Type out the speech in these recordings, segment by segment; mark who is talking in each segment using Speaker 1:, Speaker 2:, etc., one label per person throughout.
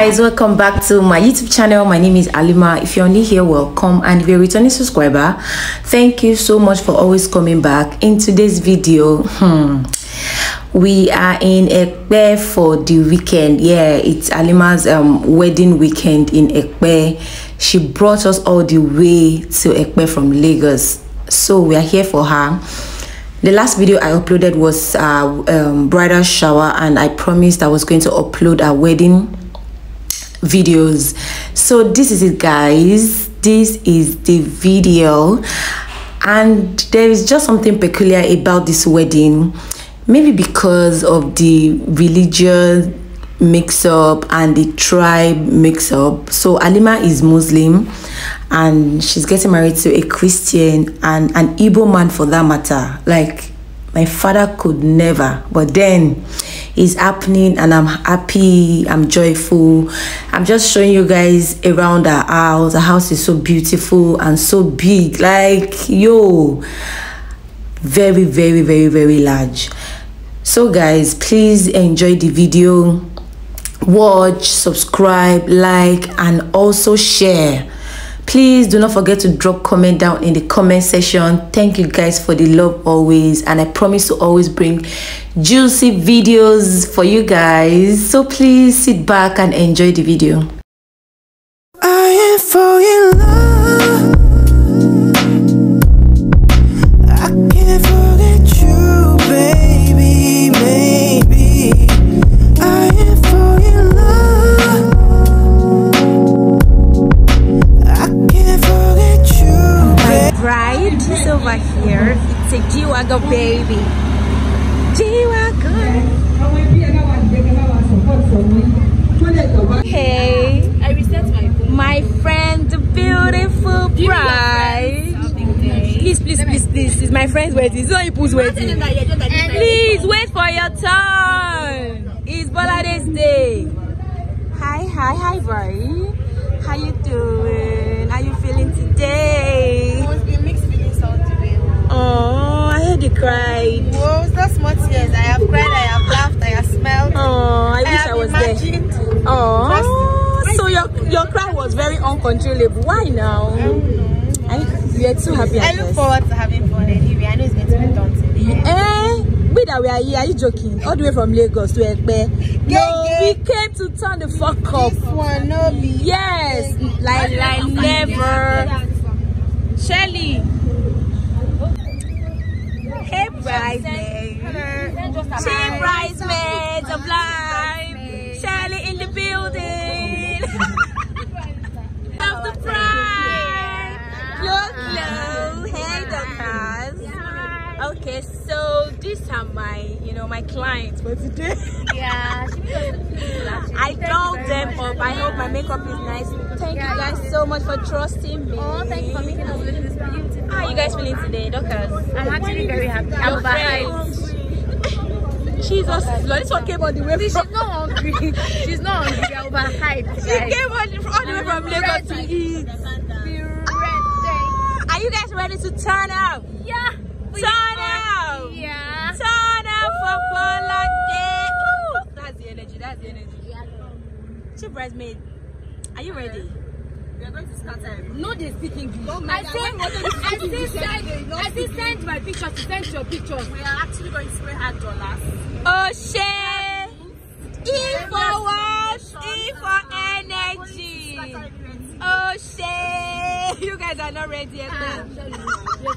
Speaker 1: guys welcome back to my youtube channel my name is alima if you're new here welcome and if you're a returning subscriber thank you so much for always coming back in today's video hmm, we are in Ekpe for the weekend yeah it's Alima's um, wedding weekend in Ekpe she brought us all the way to Ekpe from Lagos so we are here for her the last video i uploaded was uh, um, bridal shower and i promised i was going to upload a wedding videos so this is it guys this is the video and there is just something peculiar about this wedding maybe because of the religious mix up and the tribe mix up so alima is muslim and she's getting married to a christian and an igbo man for that matter like my father could never but then is happening and i'm happy i'm joyful i'm just showing you guys around our house the house is so beautiful and so big like yo very very very very large so guys please enjoy the video watch subscribe like and also share Please do not forget to drop comment down in the comment section. Thank you guys for the love always and I promise to always bring juicy videos for you guys. So please sit back and enjoy the video.
Speaker 2: who's waiting. Please wait for your turn. It's Bolade's day. Hi, hi, hi, boy. How you doing? How you feeling today? mixed feelings all today.
Speaker 3: Oh, I heard you cried. Well, it's not small tears.
Speaker 2: I have cried, I have laughed,
Speaker 3: I have smelled. Oh, I, I wish I was imagined. there. Oh,
Speaker 2: so your your cry was very uncontrollable. Why now? I don't know. I, you're too happy. I look forward to having fun anyway. Eh, we that we are here, are you joking? All the way from Lagos to Ekpe. No, we came to turn the fuck up. This one, no be. Yes, like, like never. Shelly.
Speaker 4: Hey, bridesmaids. Hey, bridesmaids of life.
Speaker 2: Shelly in the building. Love the bride. Look low, Hey, Dr. Okay, so these are my, you know, my clients for today. Yeah, I called them much. up. Yeah. I hope my makeup is nice. Thank yeah, you guys so much for trusting me. Oh, thank you for making us look this beautiful. How are you guys feeling today, doctors? I'm actually very happy. I'm back. Jesus, Lord, this one came all the way. from She's not hungry. She's not hungry. They are overhyped. She came all the, all the way from Lagos to eat. Ah, are you guys ready to turn up? Yeah. Turn Ooh, that's the energy. That's the energy. Chief bridesmaid, are you ready? We are going to start time. Um, no, they speak English. Oh I God, send, I still send, I still send my pictures to send your pictures. We are actually going to pay her dollars. Oh shit! E for what? E for energy. Oh shit! You guys are not ready eh, yet. Ah,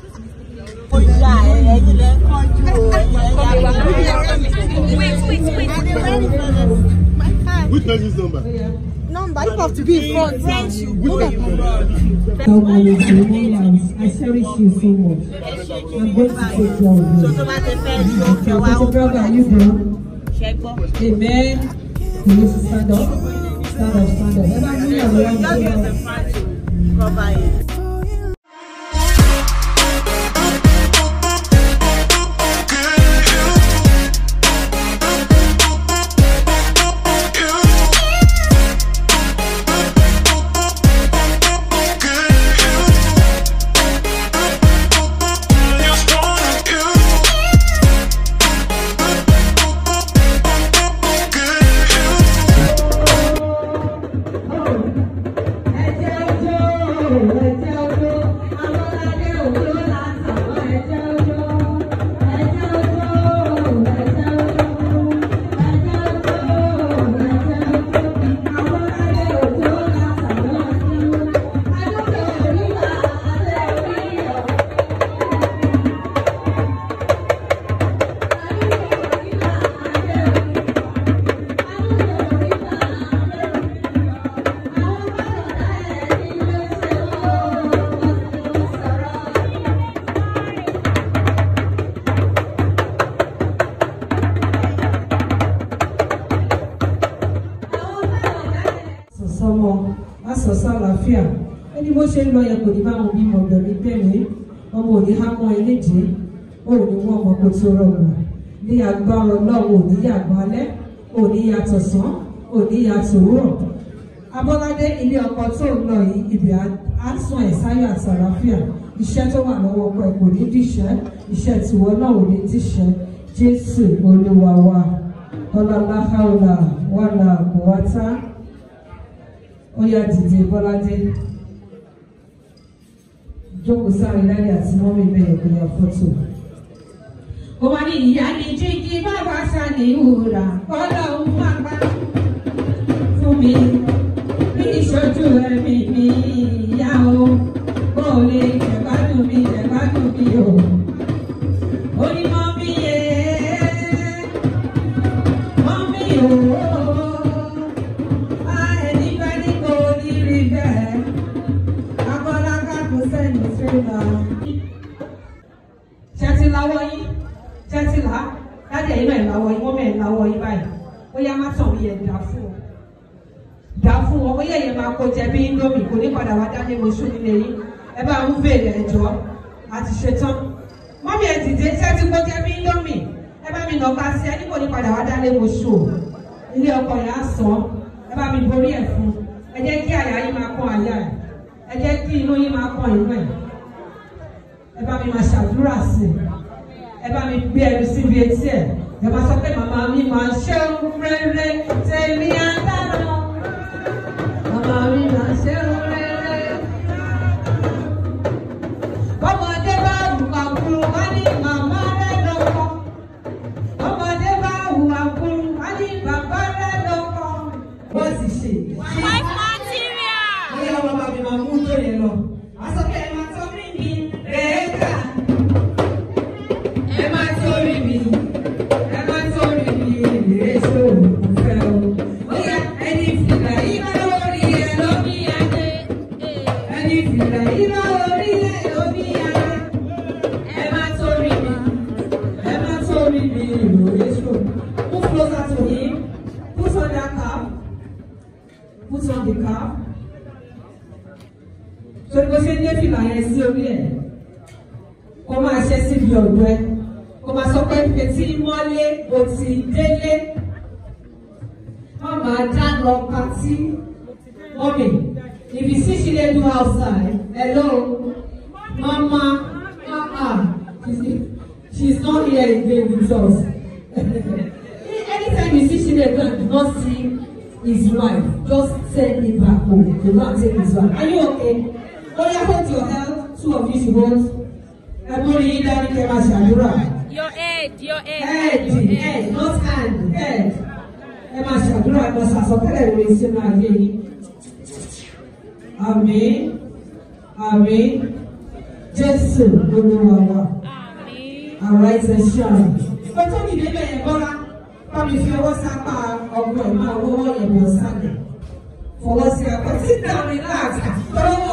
Speaker 2: Which is number? Number. You have to be You. in front. French. I
Speaker 3: cherish you so much.
Speaker 4: I'm going to take
Speaker 3: care of you. I'm going to take care of you, bro. Amen. You need to stand up. Stand up, stand up. Everybody, you know, you have to stand up. bó ṣe ń lọ yẹn kò ní bá wọn bímọ gbẹ̀mí gbẹ̀mí ọmọ òní há mọ́ ẹlẹ́jẹ̀ òun ni wọ́n mọ̀ kó tó rọrùn ní agbára ọlọ́run òní yàgbọ́ alẹ́ òní yàtọ̀ sán òní yàtọ̀ òwúrọ̀ abọ́ládé ilé ọkọ tó ń lọ yìí ibi àtún ẹ̀sáyọ̀ àti àlàáfíà iṣẹ́ tó wà lọ́wọ́ ọkọ ẹ̀ kò ní díṣẹ́ iṣẹ́ tiwọ́ náà ò ní díṣẹ́ jésù olúwa wa ọlọ́lá wàlà kòwátá ó yá dìde bọ́ládé. Joko sáré láyé àti mọ́mí bẹ́ẹ̀ kò yà fọ́tò. ó wà ní ìyá ní jíjí bàbá sani ìhùrà ọlọ́run fún mi. ń bèrè ẹjọ́ àti ṣetán mọ́mí ẹ̀ dìde tí ẹ ti gbọ́ jẹ́ mí lómì ẹ bá mi nàka sí ẹ níbo ní padà wá dálé mo ilé ọkọ yà á ẹ bá mi borí ẹ̀ fún ẹ jẹ́ kí àyà yín máa kàn àyà ẹ̀ ẹ jẹ́ kí inú yín máa kàn inú ẹ̀ ẹ bá mi máa ṣàdúrà sí ẹ bá mi gbé ẹnu síbi etí ẹ̀ ẹ máa sọ pé màmá mi máa ṣe rere tèmi àdáná màmá mi máa ṣe rere. bó ṣe dé fìlà yẹn sí orí ẹ̀ kó máa ṣe síbi ọ̀dọ́ ẹ kó máa sọ pé fetí mọ́lé o ti délé má máa dá lọ patí mọ́mì if you see Chinedu outside hello mama ah ah she is not here again with us anytime you see Chinedu and do not see his wife just send him back home do not take his wife are you okay ó yá hold your hand two of you should hold ẹgbẹ́rin yín dání kẹ́ máa ṣàdúrà.
Speaker 2: your head your head. head head
Speaker 3: not hand head ẹ máa ṣàdúrà ẹ máa ṣàsọtẹ́lẹ̀ ìwé sínú ayé yín. àmín àmín jésù olúwa wa arise and shine. ọjọ́ ìdílé yẹn bọ́ra bámi fi ọwọ́ sápá ọgbọ́n ẹ̀ máa wọ́wọ́ yẹn bọ̀ sálẹ̀ fọwọ́ sí apá sit down relax tọ́lọ́wọ́.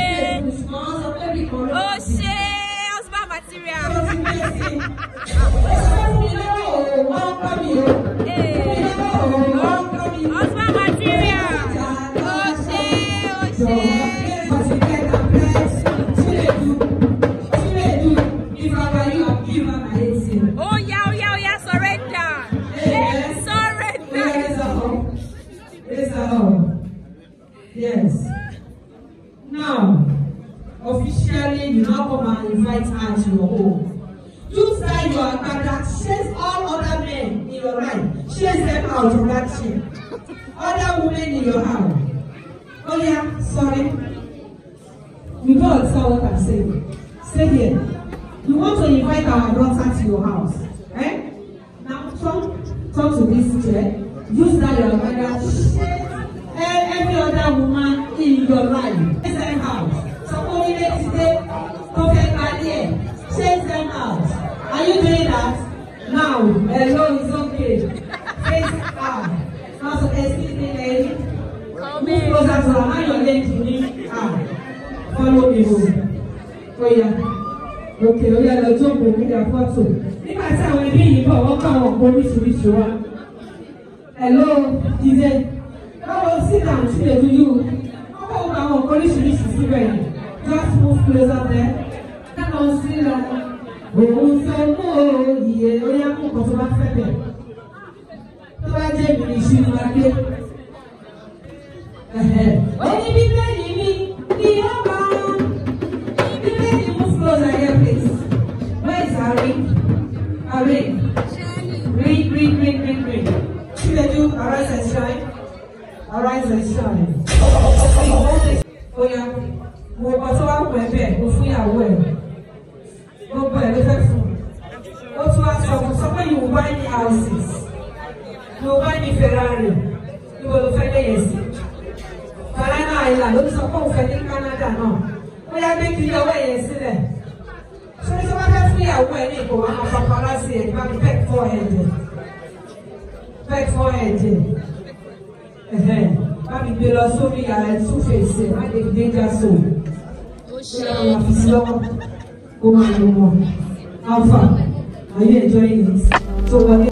Speaker 3: the Yes. Now, officially, you now come and invite her to your home. Do side your agbada, chase all other men in your life, chase them out of that chair. Other women in your house. Oh yeah, sorry. We don't understand what I'm saying. Stay here. You want to invite our daughter to your house. Eh? Now come, come to this chair. Use that your agbada, shake your life. Chase them out. Some only to say, perfect career. Change them out. Are you doing that? Now, Hello, is okay. Chase out. Now, so excuse me, lady. Move closer to her. Hand your leg to me. Ah. Follow me home. Oh. oh, yeah. òkè orí ẹlọ́jọ́ òkùnkùn ní àpọ́tò nígbà tí àwọn ẹbí yìí bọ̀ wọ́n kọ́ àwọn oríṣiríṣi wa. Hello, DJ. Báwo sit down, see the do you? àwọn nǹkan oríṣiríṣi síbẹ̀ yìí just move closer there. kákan sí lọ òun fẹ́ mú iye oyá mú nǹkan tó bá fẹ́ bẹ̀. tó bá jẹ́ ìbìrì ìṣirò adé. ó ní bí bẹ́ẹ̀. people and paparazzi ẹ bá mi peck forehead ẹ peck forehead ẹ bá mi gbé lọ sórí ẹ two face ẹ má lè gbé so ṣé àwọn àfisí lọ́wọ́ alpha are you enjoying it? tó wọlé.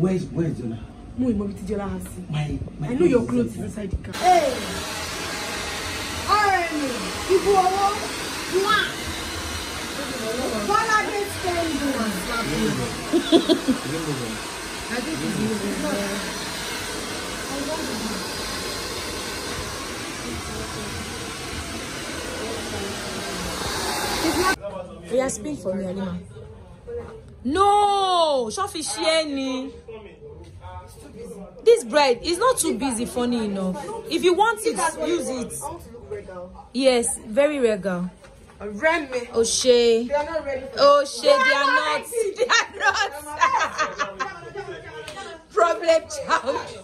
Speaker 3: where is where is Jola?
Speaker 1: Mo ìmọ̀ bí ti Jola há sí. My my. I know your clothes is inside the car. Hey! Ọ̀rẹ́mi,
Speaker 4: ibu owó, wá! Bọ́lá dé spend one. I think it's easy. I
Speaker 2: want to for me, Alima. No! Ṣọ́fi ṣí ẹ́ this
Speaker 1: bread is not too busy funny enough if you want it use it yes very regal Remy. O'Shea. They
Speaker 2: are not ready for O'Shea, they are not. They are not. Problem child.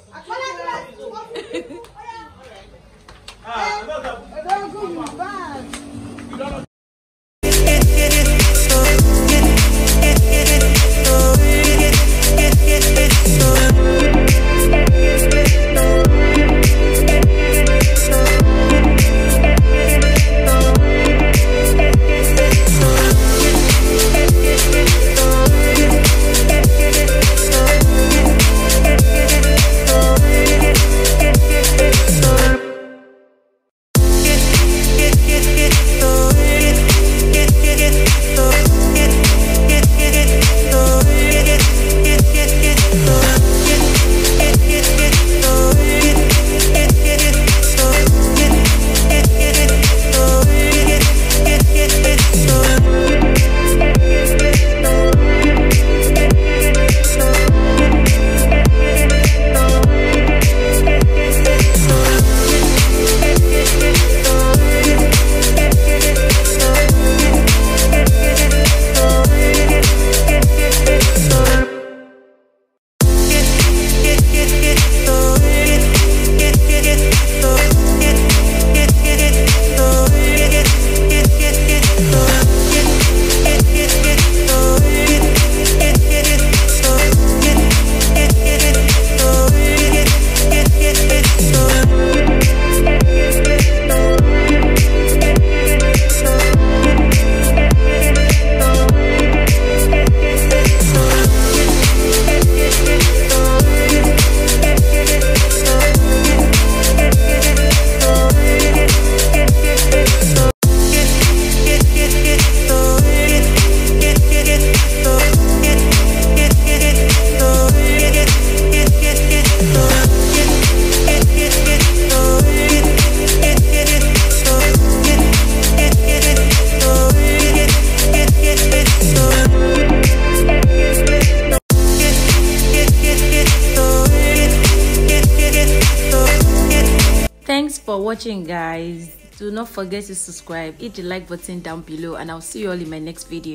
Speaker 1: Do not forget to subscribe, hit the like button down below and I'll see you all in my next video.